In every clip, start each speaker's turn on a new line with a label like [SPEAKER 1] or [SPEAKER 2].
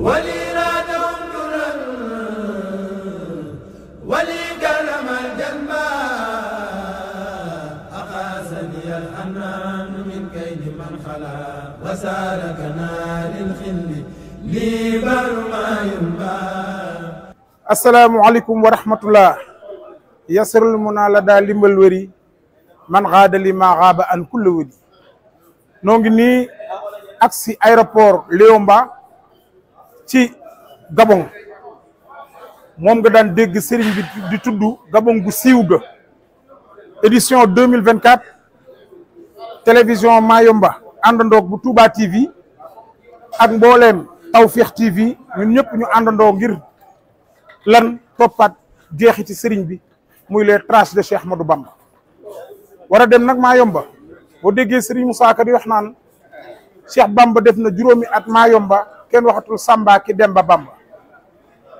[SPEAKER 1] ولإرادهم
[SPEAKER 2] جرا ولكرم الجنبا أقاسني
[SPEAKER 1] الحنان من كيد من خلا وسالكنا للخل لي برما ينبا
[SPEAKER 2] السلام عليكم ورحمة الله يسر المنى لدى لمبل وري man xaada li ma xaaba an kulla wëli noo ngi nii ak si aéroport Léomba ci Gabon moom nga daan dégg sëriñ bi di tudd Gabon gu siiw ga édition deux mille vingt quatre télévision Mayomba àndandoog bu Touba TV ak mbooleem Tawfekh TV ñun ñëpp ñu àndandoo ngir lan toppaat jeexi ci sëriñ bi muy les traces de Cheikh Ahmadou Bamba war a dem nag Mayomba boo déggee sëriñ Moussa Ka di naan Cheikh Bamba def na juróomi at Mayomba kenn waxatul Samba ki Demba Bamba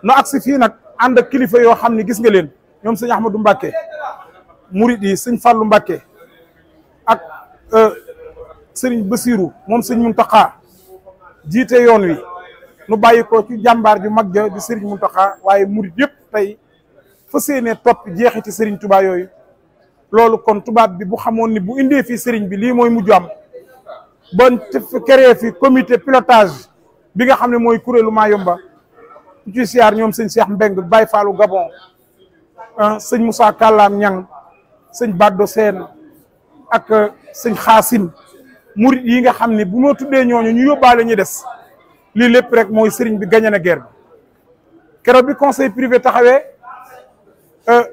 [SPEAKER 2] nu agsi fii nag ànd ak kilifa yoo xam ne gis nga leen ñoom sëñ Ahmadou Mbacké murid yi sëñ Fallou Mbacké ak euh, sëriñ Bassirou moom sëñ Mountakha jiite yoon wi nu bàyyi ko ci jàmbaar ju mag ja di sëriñ Mountakha waaye murid yëpp tey fa séenee topp jeexiti sëriñ Touba yooyu loolu kon tubaab bi bu xamoon ni bu indee fii sëriñ bi lii mooy mujj am bon crée fi comité pilotage bi nga xam ne mooy kuréelu Mayumba ku ci siyaar ñoom sëñ Cheikh Mbeng Baye Fallou Gabon ah, sëñ Moussa Kallam Ñang sëñ Baddo Seen ak euh, sëñ Xaasim murit yi nga xam ni bu ma tuddee ñooñu ñu yóbbaale ñu des lii lépp rek mooy sëriñ bi gañe na guerre bi keroog bi conseil privé taxawee euh,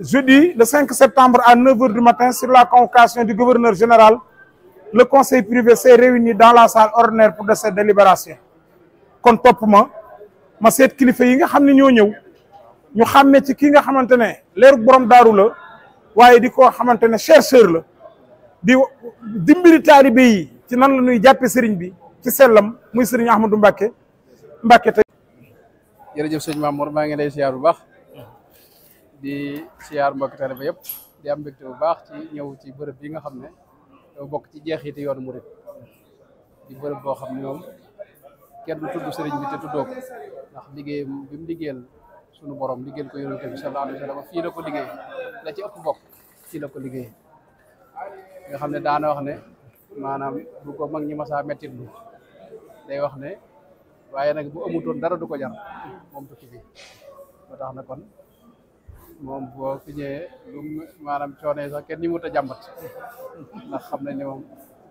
[SPEAKER 2] jeudi le 5 septembre à 9 heures du matin sur la convocation du gouverneur général le conseil privé s'est réuni dans la salle ordinaire pour de cette kon topp ma ma seet kilifa yi nga xam ne ñoo ñëw ñu xam xàmme ci ki nga xamante ne leeru borom daaru la waaye di ko xamante ne chercheur la di dimbali taalibe yi ci nan la ñuy jàppe sëriñ bi ci sellam muy sëriñ Ahmadou Mbacke
[SPEAKER 1] Mbacke tey. jërëjëf sëñ Mamour maa ngi lay siyaar bu baax di siyaar mbokk taalibe yëpp di am mbégte bu baax ci ñëw ci bërëb bi nga xam ne doo bokk ci jeexiti yoonu murit di bërëb boo xam ne moom kenn du tudd sëriñ bi te tuddoo ko ndax liggéey bi mu liggéeyal sunu borom liggéeyal ko yonent bi sallallahu alayhi wa sallam fii la ko liggéey la ci ëpp bokk fii la ko liggéey xam ne daana wax ne maanaam bu ko mag ñi masaa mettit lu wax ne waaye nag bu amutoon dara du ko jar moom tukki bi ba tax na kon moom boo fi ñëwee lu maanaam sax kenn ñi mut a jàmbat ndax xam nañ ne moom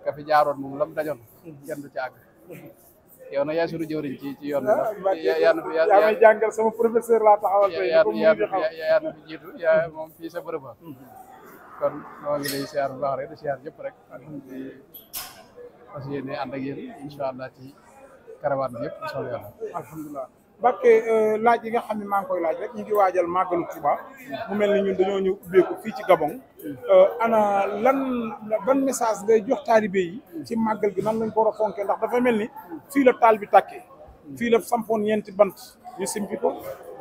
[SPEAKER 1] ka jaaroon moom lam dajoon kenn du ci yow nag ya sunu jëwriñ ci ci yoon bi ndax yaa na fi yaa may jàngal sama professeur laa taxawal tey yaa na fi jiitu yaa moom fii sa bërëb kon moo ngi lay siyaar bu baax rek di siyaar yëpp rek di fas yéene ànd ak allah ci karawaan
[SPEAKER 2] bi yëpp incha allah Mbacké euh, laaj yi nga xam ne maa koy laaj rek ñu ngi waajal màggalu Touba
[SPEAKER 1] mu mel ni ñun dañoo
[SPEAKER 2] ñëw ubbeeku fii ci Gabon euh, ana lan ban message ngay jox taalibe yi ci màggal gi nan lañ ko war a fonkee ndax dafa mel ni fii la taal bi tàkkee fii la sampoon ñeenti bant ñu simpi ko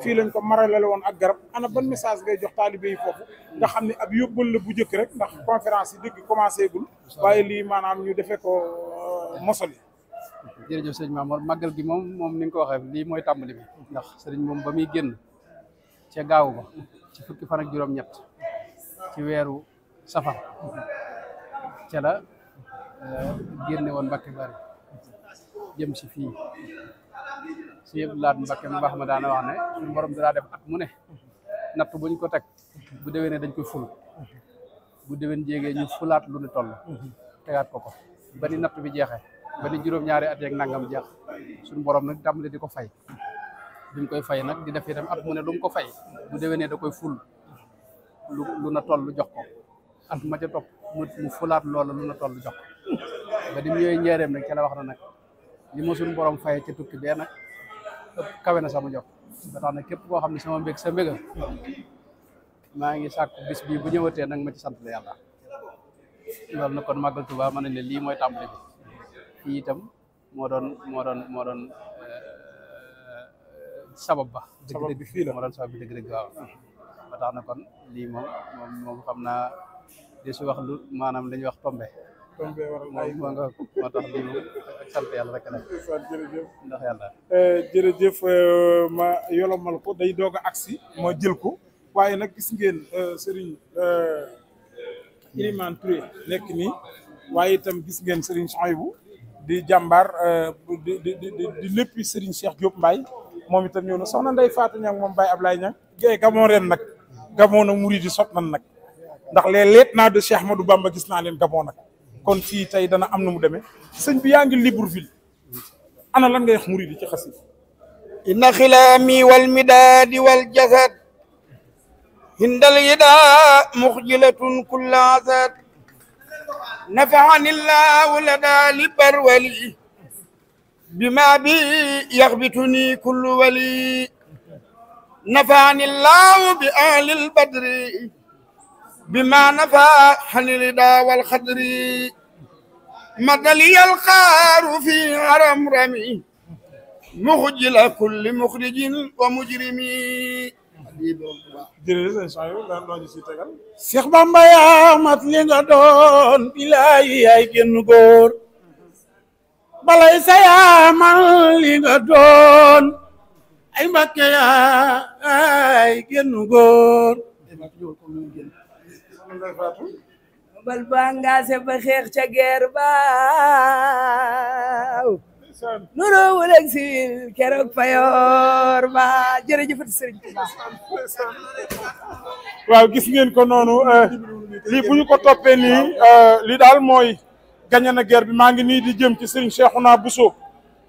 [SPEAKER 2] fii lañ ko maralale woon a garab ana ban message ngay jox taalibe yi foofu nga xam ne ab yóbbal la bu njëkk rek ndax conférence yi gi commencé gul
[SPEAKER 1] waaye lii maanaam ñu defee ko euh, mosoli jërëjëf sëriñ Mamour màggal gi moom moom ni nga ko waxee lii mooy tàmbali bi ndax sëriñ moom ba muy génn ca gaaw ba ci fukki fan ak juróom-ñett ci weeru safar ca la euh, génne woon Mbàkke Bari jëm si fii si yëpp laat Mbàkke mu mbax ma daane wax ne suñu borom dem at mu ne natt buñ ko teg bu dewee ne dañ koy ful bu déwén jéegee ñu fulaat lu ne toll tegaat ko ko ba ni natt bi jeexee ba ni juróom-ñaari at yeeg nangam jeex suñu borom nag tàmbali di ko fay bi mu koy fay nag di def itam at mu ne lu ko fay bu déwénee da koy ful lu lu na toll jox ko at ma ca topp mu fulaat loola lu na toll jox ko ba ni mu ñëwee njëreem nag ca wax na nag li ma suñu borom fayee ca tukki bee nag kawe na sama jox ba tax na képp koo xam ne sama mbég sa mbéga maa ngi sàkk bis bii bu ñëwatee nag ma ci sant la yàlla loolu na kon màggal Tuubaa ma ne lii mooy tàmbali fii itam moo doon moo doon moo doon euh, sabab ba. sabab bi fii la moo doon sabab bi dëgg-dëgg waaw. ba tax na kon lii moom moom moom xam naa di su wax lu maanaam dañuy wax tombe tombe waral ay moo nga moo tax lii moom euh,
[SPEAKER 2] euh, day doog a agsi ma jël ko waaye nag gis ngeen Serigne Ilimane Touré nekk ni waaye itam gis ngeen Serigne Souhaïbou. di jàmbaar euh, di di di léppi Serigne Cheikh Diop Mbaye moom itam ñëw na soxna Ndeye Fatou Niang moom Baye Ablaye Niang gay gamoo ren nag gamoo na murid yi sot nan nag ndax les lieutenants de Cheikh Ahmadou Bamba gis naa leen gamoo nag kon fii tey dana am na mu demee sëñ bi yaa ngi Libreville ana lan ngay wax murid yi ci xasif xilaami wal midaadi wal jasad hindal yida muxjilatun kulla asad نفعني الله لدى لبر ولي بما بي يغبطني كل ولي نفعني الله بأهل البدر بما نفع حن الردى والخدر مد لي الخار في هرم رمي مخجل كل مخرج ومجرمي lii borom Tuubaa Bamba yaa mat li nga doon bilaay yaay génn góor balay sa yaa man li nga doon ay Mbàkke yaay génn góor bal ba
[SPEAKER 1] ngaase ba xeex ca geer baaw nuru wala si keroog payoor ba jërëjëfati sëriñ Tuubaa
[SPEAKER 2] waaw gis ngeen ko noonu eh, lii bu ñu ko toppee nii eh, li daal mooy gañe na guerre bi maa ngi nii di jëm ci sëriñ Cheikhouna Bousso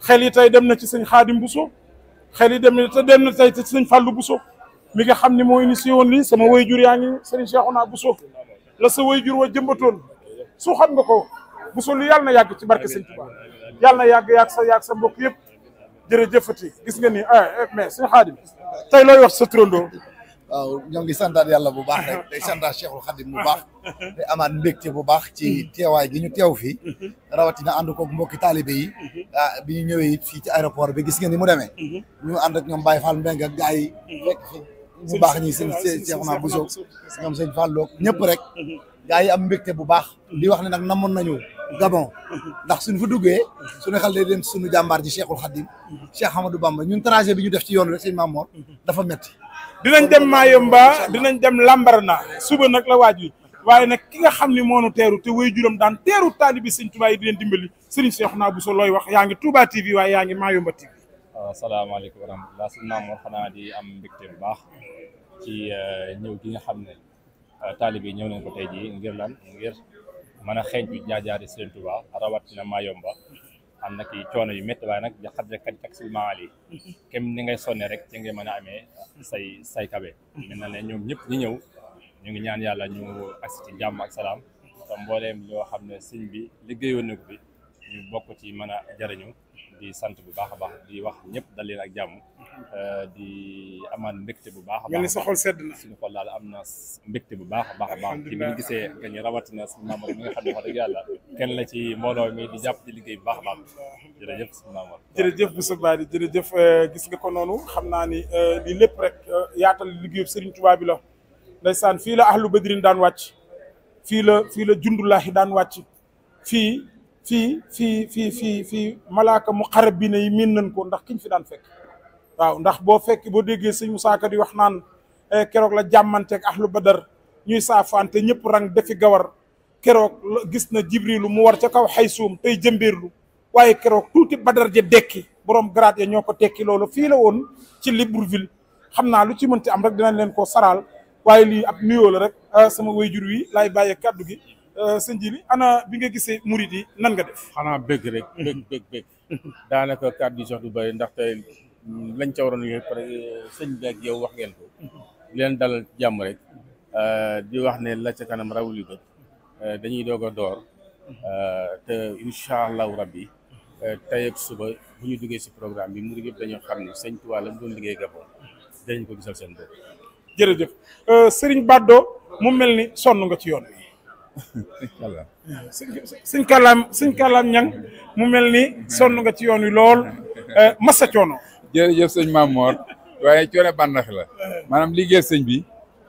[SPEAKER 2] xel yi tey dem na ci sëñ Xaadim Bousso xel yi dem na te dem na tey ci sëñ Fallou Bousso mi nga xam ni moo initié woon lii sama jur yaa ngi sëriñ Cheikhouna Bousso la sa wayjur wa jëmbatoon su xam nga ko Bousso lu yàlla na yàgg ci barke sëñ Tuubaa yàlla na yàgg yàgg sa yàgg sa mbokk yëpp jërëjëfati gis nga ni ah mais suñu xaadim tey looy wax sa turandoo waaw
[SPEAKER 1] ñoo ngi santaat yàlla bu baax rek day santaat Cheikhul Khadim bu baax te amaat bu baax ci teewaay gi ñu teew fii rawatina ànd koog mbokki taalibe yi ah bi ñu ñëwee it fii ci aéroport bi gis nga ni mu demee ñu ànd ak ñoom Baye Fall Mbeng ak gars yi mu baax ñi seen Cheikhouna Bousso ñoom sëñ Fall loog ñëpp rek gars yi am mbégte bu baax di wax ne nag namoon nañu Gabon ndax suñ fa duggee suñu xel day dem suñu jàmbaar ji Cheikhul Khadim
[SPEAKER 2] Cheikh Amadou Bamba ñun trajet bi ñu def ci yoon rek sëñ Mamor dafa metti dinañ dem Mayumba dinañ dem Lambarna suba nag la waaj wi waaye nag ki nga xam ne moonu teeru te way juram daan teeru taalibi sëñ Touba yi di leen dimbali sëriñ Cheikhouna Bousso looy wax yaa ngi Touba TV waaye yaa ngi Mayumba TV
[SPEAKER 1] waaw salaamaaleykum wa rahmatulah sëñ Mamor xanaa di am mbégte bu baax ci eh, ñëw ki nga xam ne eh, taalibi ñëw nañ ko tey jii ngir lan ngir mën a xeeñ bi jaar-jaari Sëriñ Tuubaa rawatina Mayomba am na ki coono yu métti waaye nag ja xadre kat taksil maal yi kem ni ngay sonne rek ci ngay mën a amee say say kabe mel na ne ñoom ñëpp ñi ñëw ñu ngi ñaan yàlla ñu agsi ci jàmm ak salaam te mbooleem loo xam ne sëñ bi liggéeyoon na bi ñu bokk ci mën a jariñu di sant bu baax a baax di wax ñëpp dal leen ak jàmm euh, di amaan mbégte bu baax a baax sa xol sedd na xol daal am na mbégte bu baax a baax a baax ci bi ñu gisee gañu rawatina suñu maamar mi nga xam ne wax dëgg yàlla kenn la ci mbooloo mi di jàpp ci liggéey bu baax a baax jërëjëf suñu maamar
[SPEAKER 2] jërëjëf bu sa baadi jërëjëf euh, gis nga ko noonu xam naa ni euh, lii lépp rek yaatal liggéey Sëriñ Tuubaa bi la ndeysaan fii la ahlu badrin daan wàcc fii la fii la jundulaahi daan wàcc fii fii fii fii fii fii malaaka mu xarab bi ne yi miin nañ ko ndax kiñ fi daan fekk waaw ndax boo fekk boo déggee sëñ Musaa Ka yi wax naan eh, keroog la jàmmanteeg ahlu badar ñuy saafante ñëpp rang dafi gawar keroog gis na jibrilu mu war ca kaw xaysuum tey jëmbeerlu waaye keroog tuuti badar ja dekki borom grade ya ñoo ko tekki loolu fii la woon ci Libreville xam naa lu ci am rek dinañ leen koo saraal waaye lii ab nuyoo la rek ah, sama wayjur wi laay bàyyee kàddu gi Euh, sëñ ji ana bi nga gisee murit yi nan nga def. xanaa bëgg rek. bëgg bëgg daanaka kàddu yi sax du bari
[SPEAKER 1] ndaxte lañ ca waroon yooyu pare sëñ bi ak yow wax ngeen ko. leen dalal jàmm euh, di wax ne la ca kanam euh, dañuy doog a door. te incha allahu rabbi tey suba bu ñu duggee si programme bi murit yëpp dañoo xam ne sëñ Tuubaa la mu doon liggéey Gabon dañ ko gisal seen bopp. jërëjëf
[SPEAKER 2] Serigne Baddo mu mel ni sonn nga ci yoon suñ kàllaam suñ kàllaam ñang mu mel ni sonn nga ci yoon wi lool eh, massa coono jël sëñ Mamor waaye coono bànnax la maanaam liggéey sëñ bi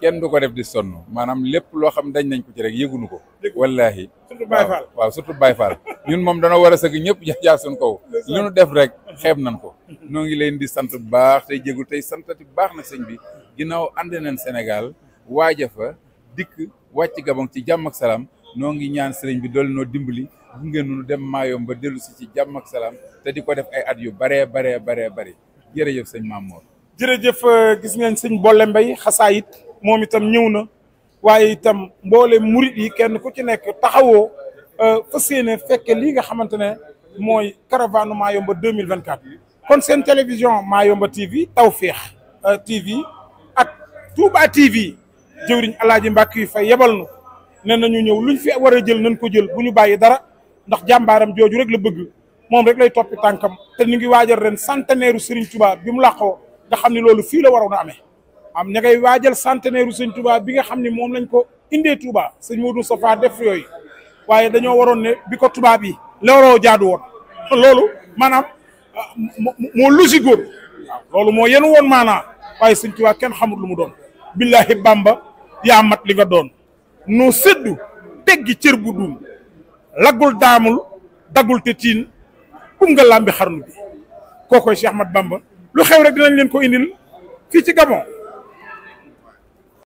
[SPEAKER 2] kenn du ko def di sonn maanaam lépp loo xam dañ nañ ko ci rek yëgunu ko wallaahi surtout Baye Fall waaw surtout Baye Fall ñun moom dana war a sëgg ñëpp jaar suñ kaw li nu def rek xeeb nañ ko noo ngi leen di sant bu baax tey jégul tey santati bu baax na sëñ bi ginnaaw ànd nañ senegal waaja fa dikk wàcc Gabon ci jàmm ak salaam noo ngi ñaan sëriñ bi dool noo dimbali ngeen nu dem maayom ba dellu si ci jàmm ak salaam te di ko def ay at yu baree baree baree bëri jërëjëf sëñ Mamour jërëjëf euh, gis ngeen sëñ Bolle Mbaye xasaayit moom itam ñëw na waaye itam mboole murit yi kenn ku ci nekk taxawoo euh, fas yéene fekke lii nga xamante ne mooy caravane Mayumba 2024 kon seen télévision Mayumba TV Tawfekh euh, TV ak Touba TV jëwriñ alaaji mbàkk yi fay yebal nu ne nañu ñëw luñ fi war a jël nañ ko jël bu ñu bàyyi dara ndax jàmbaaram jooju rek la bëgg moom rek lay toppi tànkam te ñu ngi waajal ren centenaire Serigne Touba bi mu làqoo nga xam ne loolu fii la waroon a amee am ña ngay waajal centenaire Serigne Touba bi nga xam ne moom lañ ko indee Touba sëñ Modou Safa def yooyu waaye dañoo waroon ne bi ko tubaab yi looloo jaadu woon loolu maanaam moo logique woon loolu moo yenu woon maanaa waaye Serigne Touba kenn xamul lu mu doon billahi Bamba yaa mat li nga doon nu séddu teggi cër bu duum laggul daamul daggul te tiin kum nga làmbi xarnu bi kookoy Cheikh Ahmad Bamba lu xew rek dinañ leen ko indil fii ci Gabon